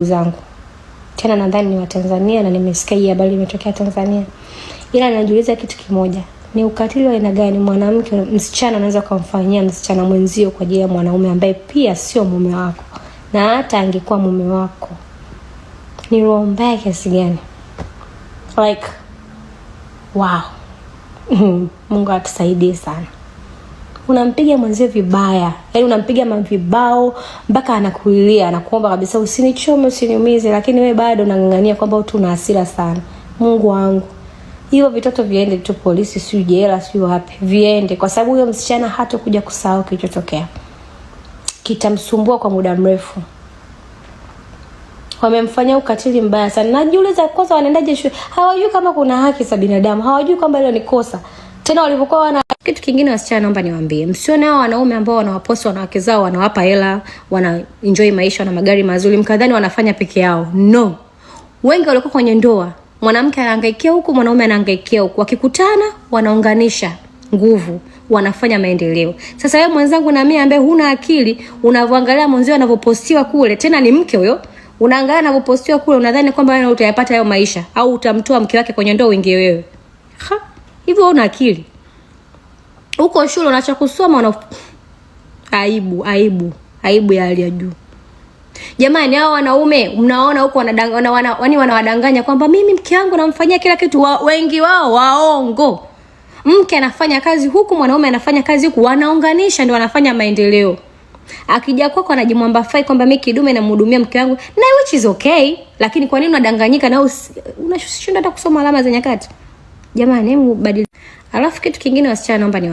zangu tena, nadhani ni Watanzania na nimesikia hii habari imetokea Tanzania, ila najiuliza kitu kimoja, ni ukatili wa aina gani mwanamke msichana anaweza kumfanyia msichana mwenzio kwa ajili ya mwanaume ambaye pia sio mume wako, na hata angekuwa mume wako ni roho mbaya kiasi gani? Like wow, Mungu atusaidie sana unampiga mwenzie vibaya, yaani unampiga mavibao mpaka anakulilia, anakuomba kabisa usinichome, usiniumize, lakini we bado unang'ang'ania kwamba utu una hasira sana. Mungu wangu, hivyo vitoto viende tu polisi, siyo jela, siyo wapi, viende, kwa sababu huyo msichana hata kuja kusahau kilichotokea, kitamsumbua kwa muda mrefu. Wamemfanyia ukatili mbaya sana. Najiuliza, kwanza wanaendaje shule? Hawajui kama kuna haki za binadamu, hawajui kwamba hilo ni kosa. Tena walipokuwa wana kitu kingine, wasichana, naomba niwaambie, msione hao wanaume ambao wanawaposti wanawake zao, wanawapa hela, wana enjoy maisha, wana magari mazuri, mkadhani wanafanya peke yao. No, wengi walikuwa kwenye ndoa, mwanamke anahangaikia huku, mwanaume anahangaikia huku, wakikutana wanaunganisha nguvu wanafanya maendeleo. Sasa wewe mwenzangu na mimi ambaye huna akili, unavyoangalia mwenzio anavyopostiwa kule, tena ni mke huyo, unaangalia anavyopostiwa kule, unadhani kwamba wewe utayapata hayo maisha au utamtoa mke wake kwenye ndoa uingie wewe? hivyo wewe una akili? Huko shule unaacha kusoma una aibu, aibu, aibu ya hali ya juu. Jamani, hao wanaume mnaona huko wanadanganya, wana, wana, yaani wana kwamba mimi mke wangu namfanyia kila kitu wa, wengi wao waongo. Mke anafanya kazi huku, mwanaume anafanya kazi huku, wanaunganisha ndio wanafanya maendeleo. Akija kwako anajimwamba fai kwamba mimi kidume namhudumia mke wangu, na which is okay, lakini kwa nini unadanganyika na unashindwa hata kusoma alama za nyakati? Jamani, hebu badilika. Alafu kitu kingine wasichana, naomba ni